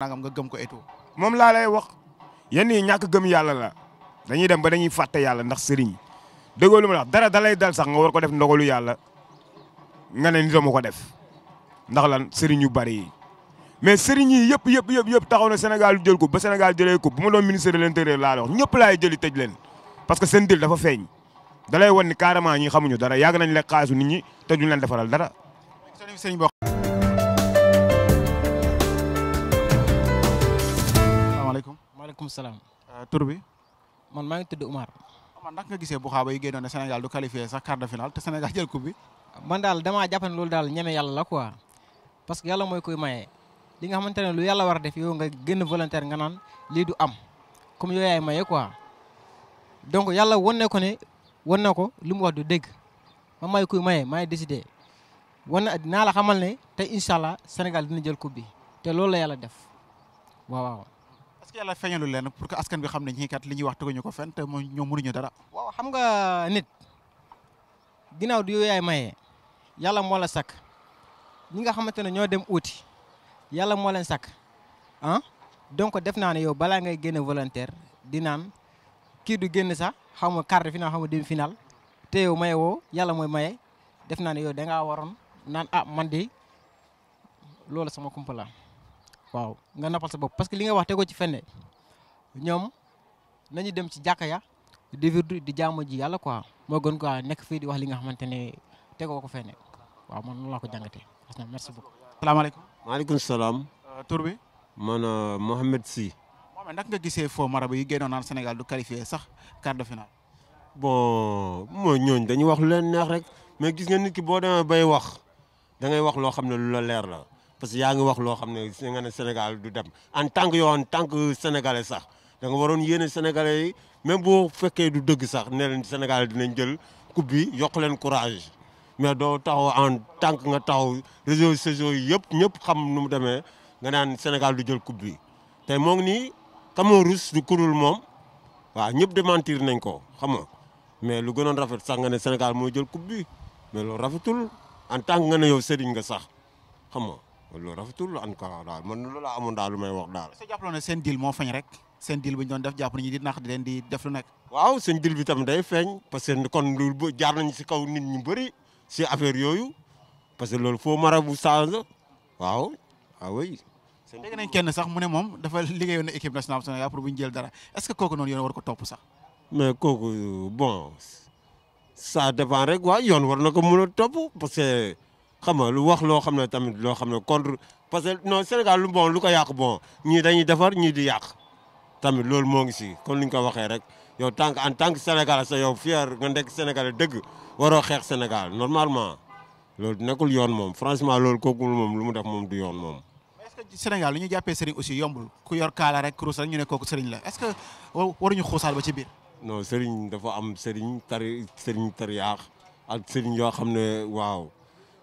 nangam nga gëm ko et tout moom laa lay wax yenn yi ñàkk gëm yàlla la dañuy dem ba dañuy fàtte yàlla ndax sëriñ déggoo lu ma la wax dara da lay dal sax nga war ko def ndogalu yàlla nga ne ni dama ko def ndax lan sëriñ yu bari yi mais sëriñ yi yëpp yëpp yëpp yëpp taxaw na Sénégal jël ko ba Sénégal jëlee ko bu ma doon ministre de laa la wax ñëpp laay jëli tëj leen parce que seen dil dafa feeñ da lay wan ni carrément ñi xamuñu dara yàgg nañ lekk xaalisu nit ñi te duñ leen defaral dara waaleykum euh, bi. man maa ngi tëdd Umar. man naka nga gisee bu xaaba yi génnoon ne Sénégal du qualifié sax quart de te Sénégal jël coupe man daal damaa jàpp loolu daal ñeme yàlla la koi parce que yalla mooy koy maye li nga xamante ne lu yàlla war a def yow nga génn volontaire nga naan lii du am comme yow yaay maye quoi donc yàlla wan ne ko ne wan na ko li mu wax du dégg ma may koy maye maay décidé wan na dinaa la xamal ne te incha allah Sénégal dina jël coupe bi te loolu la yàlla def parce ce que yàlla feeñalu leen pour que askan bi xam ne ñii kat li ñuy wax teguñu ko fenn te ñoom mënuñu dara. waaw xam nga nit ginnaaw du yaay maye yàlla moo la sakk ñi nga xamante ne ñoo dem uuti yàlla moo leen sakk ah donc def naa ne yow balaa ngay génne volontaire di naan kii du génn sax xaw ma quart de finale xaw ma demi finale te yow maye woo yàlla mooy maye def naa ne yow dangaa waroon naan ah man de loolu sama kumpa waaw nga noppal sa bopp parce que li nga wax tegoo ci fenn ñoom nañu dem ci jàkka ya di wirdu di jaamu ji yàlla quoi moo gën quoi nekk fii di wax li nga xamante ne tegoo ko fenn waaw man noonu laa ko jàngatee merci beaucoup. salaamaaleykum. maaleykum salaam. Euh, tur bi. man euh, Mohamed Sy. Mohamed naka nga gisee foo marabu yi génnoon naan Sénégal du sax quart de finale. bon mooy ñooñ dañuy wax lu leen neex rek mais gis nga nit ki boo demee bay wax da ngay wax loo xam ne lu la leer la. parce que yaa ngi wax loo xam ne si nga ne Sénégal du dem en tant que yow en tant que sénégalais sax da nga waroon yéene sénégalais yi même boo fekkee du dëgg sax ne leen Sénégal dinañ jël coupe bi yokk leen courage mais doo taxaw en tant nga taxaw réseaux sociaux yi yëpp ñëpp xam nu mu demee nga naan Sénégal du jël coupe bi tey moo ngi nii Cameroun du kurul moom waaw ñëpp démentir nañ ko xam nga mais lu gënoon rafet sax nga ne Sénégal moo jël coupe bi mais rafetul en tant nga ne yow sëriñ nga sax xam nga loolu rafetul encore daal man loolu laa amoon daal lu daal. est moo fañ rek seen deal bu ñu doon def jàpp nañu di nax di leen di def lu nekk. waaw seen deal bi tam day feeñ parce que kon loolu ba jaar nañ si kaw nit ñu bëri si affaire yooyu parce loolu foo mara bu change waaw ah oui. dégg nañ kenn sax mu ne moom dafa liggéeyoon na équipe nationale Sénégal pour bu ñu jël dara est-ce que kooku war ko topp sax. mais kooku bon ça dépend rek waaw yoon war na ko mën a topp parce que. xam nga lu wax loo xam ne tamit loo xam ne contre parce que non Sénégal lu bon lu ko yàq bon ñii dañuy defar ñii di yàq tamit loolu moo ngi si kon li ñu ko waxee rek yow tant que en tant que sénégalais sa yow fier nga nekk sénégalais dëgg waroo xeex Sénégal normalement loolu nekkul yoon moom franchement loolu kooku moom lu mu def moom di yoon moom. est-ce que Sénégal lu ñu jàppee sëriñ aussi yombul ku yor kaala rek kurus rek ñu ne kooku sëriñ la est-ce que waruñu xuusaal ba ci biir. non sëriñ dafa am sëriñ tari sëriñ ak sëriñ yoo xam ne waaw.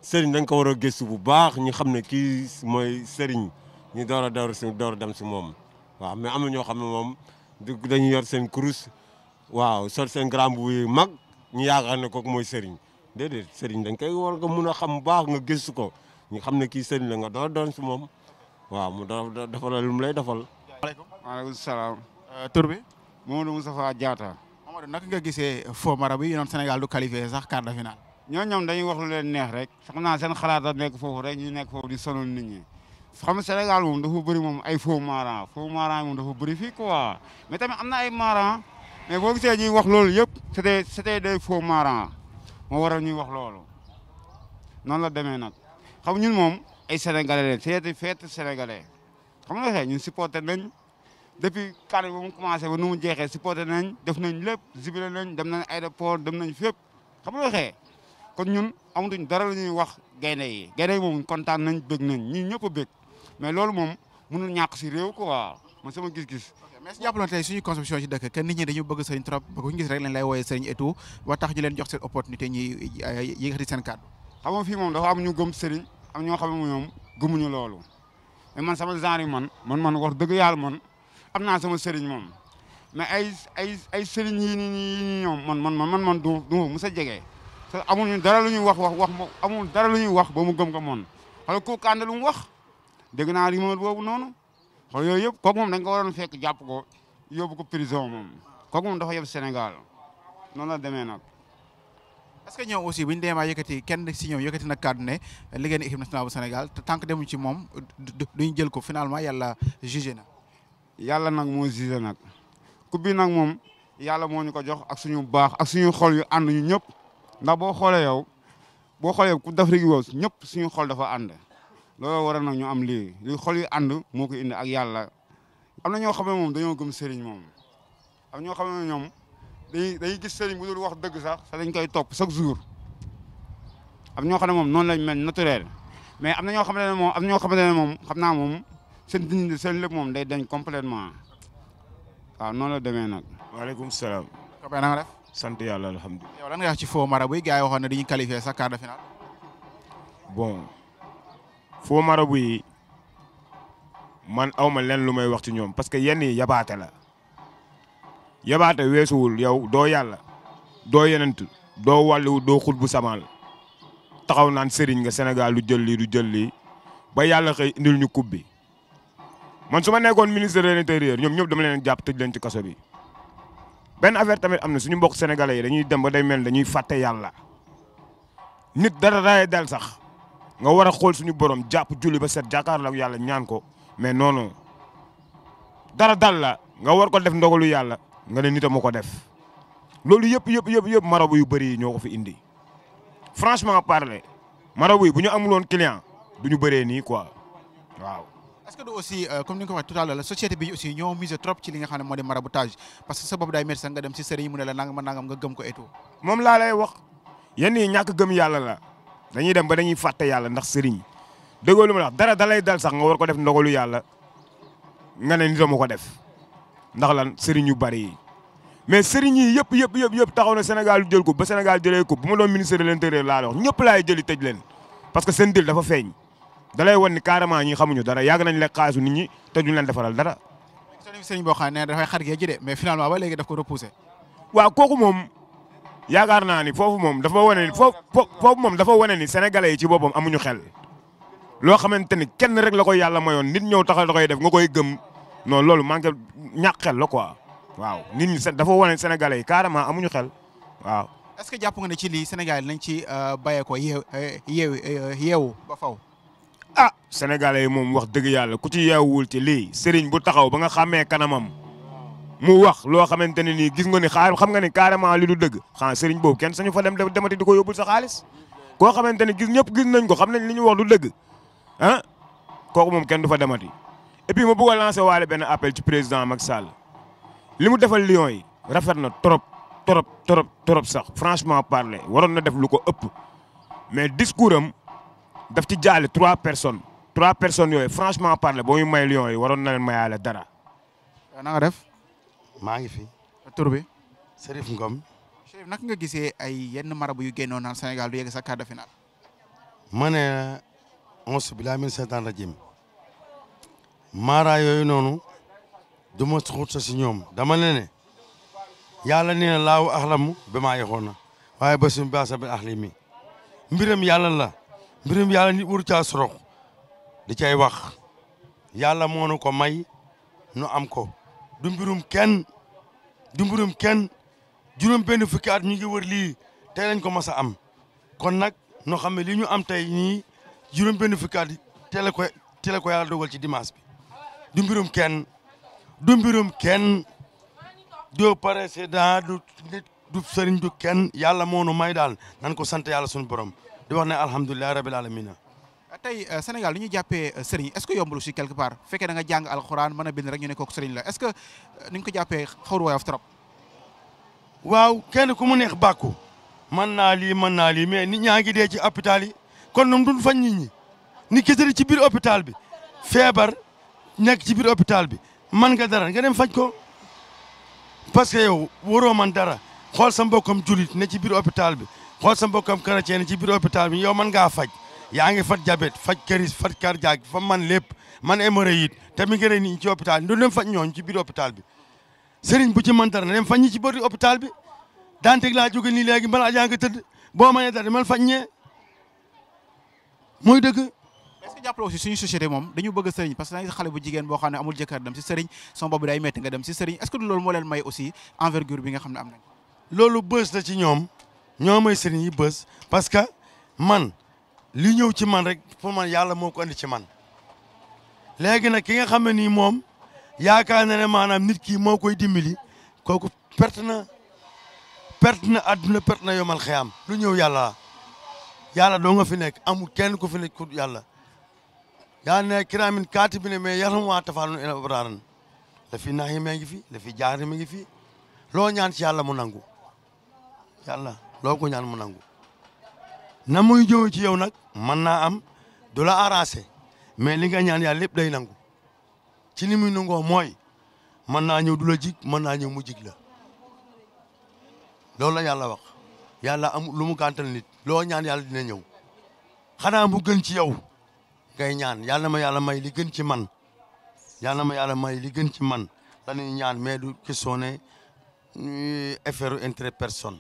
seriñ dañ ko war a gëstu bu baax ñu xam ne kii mooy sëriñ ñu door a door si door dem si moom waaw mais am na ñoo xam ne moom dañuy yor seen kurus waaw sol seen grand bu yu mag ñu yaakaar ne kooku mooy sëriñ déedéet seriñ dañ koy war nga mun a xam bu baax nga gëstu ko ñu xam ne kii sëriñ la nga door a si moom waaw mu door defal la lu mu lay defal. maaleykum maaleykum salaam. Euh, tur bi. Mamadou jaata Diatta. Mamadou naka nga gisee faux marabout yi noonu Sénégal du qualifié sax quart de ñoo ñoom dañuy wax lu leen neex rek sax naa seen xalaat a nekk foofu rek ñu nekk foofu di sonal nit ñi xam Sénégal moom dafa bëri moom ay faux marrant faux marrant moom dafa bëri fii quoi mais tamit am na ay marrant mais boo gisee ñuy wax loolu yëpp c'était c'était des faux marrant moo waral ñuy wax loolu noonu la demee nag xam ñun moom ay sénégalais lañ c'est fête sénégalais xam nga xëy ñun supporté nañ depuis kan ba mu commencé ba nu mu jeexee supporté nañ def nañ lépp zibilé nañ dem nañ aéroport dem nañ fépp xam nga kon ñun amatuñ dara la ñuy wax gaynde yi gaynde yi moom kontaan nañ bëgg nañ ñi ñëpp a bëgg mais loolu moom mënul ñàkk si réew quoi man sama gis-gis. mais si jàpp suñu consommation ci dëkk que nit ñi dañu bëgg sëriñ trop ba ku ñu gis rek lañ sëriñ et tax ñu leen jox seen opportunité ñi yëkkati seen kàddu. xam nga fii moom dafa am ñu gëm sëriñ ñoo xam ne gëmuñu loolu mais man sama genre yi man man man wax dëgg yàlla man am naa sama sëriñ moom mais ay ay ay sëriñ yi nii man man man man du du ma mës jege te amul dara lu ñuy wax wax wax moom amul dara lu wax ba mu gëm ko moon xool kooku ànd lu mu wax dégg naa rumeur boobu noonu xool yooyu yëpp kooku moom dañ ko waroon fekk jàpp ko yóbbu ko prison moom kooku moom dafa yóbbu Sénégal noonu la demee nag. parce que ñoom aussi bu ñu demee ba yëkkati kenn si ñoom yëkkati nag kàddu ne liggéey na équipe nationale bu Sénégal te tant que demuñ ci moom ñu jël ko finalement yàlla jugé na. yàlla nag moo jugé nag coupe bi nag moom yàlla moo ñu ko jox ak suñu baax ak suñu xol yu ànd ñëpp. ndax boo xoolee yow boo xoolee ku d'Afrique woos ñëpp suñu xol dafa ànd looloo waral nag ñu am lii li xol yi ànd moo ko indi ak yàlla. am na ñoo xam ne moom dañoo gëm sëriñ moom am ñoo xam ne ñoom dañuy dañuy gis sëriñ bu dul wax dëgg sax sax dañ koy topp chaque jour am ñoo xam ne moom noonu lañ mel naturel mais am na ñoo xam ne moom am na ñoo xam ne moom xam naa moom seen dignité seen lépp moom day dañ complètement waaw noonu la demee nag. waaleykum salaam. Kobé sant yàlla alhamdulilah. yow lan nga wax ci faux marabout yi gars yi waxoon ne dañuy qualifier sa quart de finale. bon faux marabout yi man awma leen lu may wax ci ñoom parce que yenn yi yabaate la yabaate weesuwul yow doo yàlla doo yenent doo wàllu doo xut bu samaal taxaw naan sëriñ nga Sénégal lu jël lii du jël lii ba yàlla xëy indil ñu coupe bi man su ma nekkoon ministre de l'intérieur ñoom ñëpp dama leen jàpp tëj leen ci kaso bi. benn affaire tamit am na suñu mbokk sénégalais yi dañuy dem ba day mel dañuy fàtte yàlla nit dara daay dal sax nga war a xool suñu borom jàpp julli ba set jàkkaarloo ak yàlla ñaan ko mais noonu dara dal la nga war ko def ndogalu yàlla nga ne nit a ma ko def loolu yëpp yëpp yëpp yëpp marabu yu bëri ñoo ko fi indi franchement parler marabu yi bu ñu amuloon client du ñu bëree nii quoi waaw. est que du aussi euh, comme ni ko waxee tout la société bi ñoo misé trop ci li nga xam ne moo parce que sa bopp day métti sax nga dem si sëriñ mu ne la nangam nangam nga gëm ko et moom laa lay wax yenn yi ñàkk gëm la dañuy dem ba dañuy fàtte yàlla ndax sëriñ déggoo lu ma wax dara da daal dal sax nga war ko def ndogalu yàlla nga ne ni ko def ndax lan sëriñ yu bari yi mais sëriñ yi yëpp yëpp yëpp yëpp taxaw na Sénégal jël ko ba Sénégal jëlee ko bu ma doon ministre de l'intérieur laa la wax ñëpp laay jëli tëj leen parce que seen dil dafa dalay lay wan ni carrément ñi xamuñu dara yàgg nañ lekk xaalisu ni ñi te duñ leen defaral dara. sëñ boo xam dafay xar géej gi de mais finalement ba léegi daf ko repoussé. waaw kooku moom yaakaar naa ni foofu moom dafa wane ni foofu foofu moom dafa wane ni sénégalais yi ci boppam amuñu xel. loo xamante ni kenn rek la koy yàlla mayoon nit ñëw taxaw da koy def nga koy gëm non loolu manqué ñàkk xel la quoi waaw nit ñi dafa wane sénégalais yi carrément amuñu xel waaw. est-ce que jàpp nga ne ci lii Sénégal nañ ci euh, bàyyeekoo yeewu euh, euh, yeewu ba faw ah sénégalais yi moom wax dëgg yàlla ku ci wul ci lii sëriñ bu taxaw ba nga xamee kanamam mu wax loo xamante ne nii gis nga ni xaar xam nga ni carrément li du dëgg xanaa sëriñ boobu kenn sañu fa dem demati di ko yóbbul sax xaalis koo xamante ne gis ñëpp gis nañ ko xam nañ li ñu wax du dëgg ah kooku moom kenn du fa demati et puis ma bëgg waale benn appel ci président Macky Sall li mu defal Lions yi rafet na trop trop trop trop sax franchement parler waroon na def lu ko ëpp dafti ci trois personnes trois personnes yoy franchement parler bo ñu may lion yi waroon na dara. waaw euh, na nga def. ma ngi fi. tur Serif Ngom. Serif nak nga gisee ay yenn marabu yu génnoon na Sénégal du yegg sa quart de finale. ma on se bilaa min seetaan rajim maara yooyu noonu du sa si dama ne ne yàlla nee na laaw axlamu ba maa yoxoon na mbiram yalla la mbirum yàlla nit wur caa sorox di cay wax yàlla moo ko may nu am ko du mbirum kenn du mbirum kenn juróom benn fukki at ñu ngi wër lii tey lañ ko mas a am kon nag noo xam ne li ñu am tey nii juróom benn fukki at teel ko teel a ko yàlla ci dimanche bi du mbirum kenn du mbirum kenn du président du nit du sëriñ du kenn yàlla moo nu may daal nan ko sant yàlla suñu borom di wax ne alhamdulilah rabil alamina euh, tey euh, Sénégal lu ñuy jàppee euh, sëriñ est-ce que yombul aussi quelque part fekkee da nga jàng alxuraan mën a bind rek ñu ne kooku sëriñ la est-ce que ni ñu ko jàppee xawru woyof trop waaw kenn ku mu neex bàkku man naa lii mën naa lii mais nit ñaa ngi dee ci hôpital yi kon ñoom duñ fañ nit ñi ni gisari ci biir hopital bi feebar nekk ci biir hôpital bi man nga dara nga dem faj ko parce que yow waroo man dara xool sa mbokkam julit ne ci biir hôpital bi xol sa mbokam chrétien ci biir hôpital bi yow man nga faj yaa ngi faj jabet faj këris faj cardiaque fa man lépp man hémorroïde te mi ngi ni ci hôpital ndu du dem faj ñooñu ci biir hôpital bi sëriñ bu ci man na dem faj ñi ci biir hôpital bi daanteg laa jóge nii léegi balaa yaa ngi tëdd boo mënee dara man faj ñee mooy dëgg est-ce que jàppale aussi suñu société mom dañu bëgg sëriñ parce que da nga bu jigen bo xamné amul jëkkër dem ci sëriñ son bobu day metti nga dem ci sëriñ est-ce que loolu mo leen may aussi envergure bi nga xamné am nañ loolu beus la ci ñom ñoo may sëriñ yi bës parce que man li ñëw ci man rek pour man yàlla moo ko andi ci man léegi nag ki nga xam ne nii moom yaakaar na ne maanaam nit ki moo koy dimbali kooku perte na perte na adduna perte na yomal xeyaam lu ñëw yàlla yàlla doo nga fi nekk amul kenn ku fi nekk ku yàlla yaa ne kiraamin kaati bi ne mais yaram waa tafaalun ila abraaran la fi nax yi ma ngi fi la fi jaar yi ngi fi loo ñaan ci yàlla mu nangu yàlla loo ko ñaan mu nangu na muy jëw ci yow nag mën naa am du la arrangé mais li nga ñaan yàlla lépp day nangu ci ni muy nangoo mooy mën naa ñëw du la jig mën naa ñëw mu jig la loolu la yàlla wax yàlla am lu mu gàntal nit loo ñaan yàlla dina ñëw xanaa mu gën ci yow ngay ñaan yàlla ma yàlla may li gën ci man yàlla ma yàlla may li gën ci man la ñuy ñaan mais du question ne euh, affaire entre personne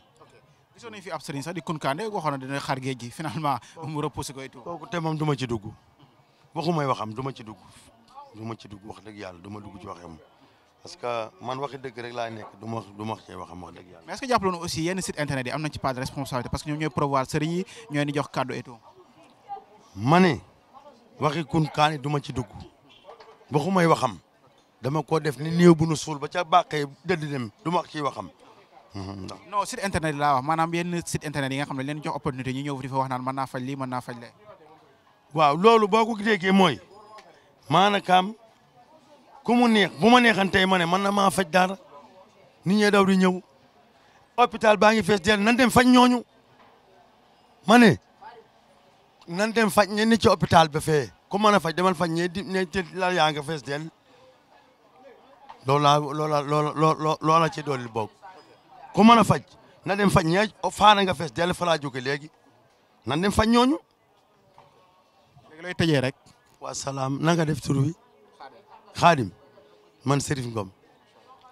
gisoon nañ fi ab sax di kunkaande waxoon na dina xar géej gi finalement mu repoussé ko et tout kooku te moom du ci dugg waxu waxam du ci dugg du ci dugg wax dëgg yàlla du ma ci waxam parce que man waxi dëgg rek waxam wax mais est-ce aussi yenn site internet yi am ci part de responsabilité parce que ñoom ñooy prévoir sëriñ yi ñooy ni jox kàddu et tout ma waxi kunkaande du ma ci dugg waxu waxam dama ko def ni bu nu ba ca dem waxam Mm-hmm. non site internet yi laa wax maanaam yenn site internet yi nga xam ne leen jox opportunité ñu ñëw di fa wax naan mën faj lii mën faj lee waaw loolu boo ko déggee mooy maanaam ku mu neex bu ma neexan tey ma ne mën na maa faj dara nit ñee daw di ñëw hôpital baa ngi fees dell nan dem faj ñooñu ma ne nan dem faj ñe ni ci hopital ba fee ku mën a faj demal faj ñee di ñe te la yaa nga fees dell loolu laa loola loola ci doolil bokk ku mën a faj na dem faj ñee oh, faana nga fees dell falaa laa jóge léegi nan dem faj ñooñu. léegi lay tëjee rek. wa salaam na def tur bi xaadim man Serif Ngom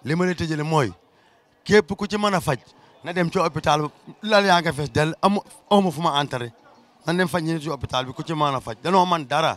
li ma lay tëjale mooy képp ku ci mën a faj na dem ci hôpital lal yaa nga fees dell amu fu ma entré nan dem faj ñeneen ci bi ku ci mën a faj danoo man dara.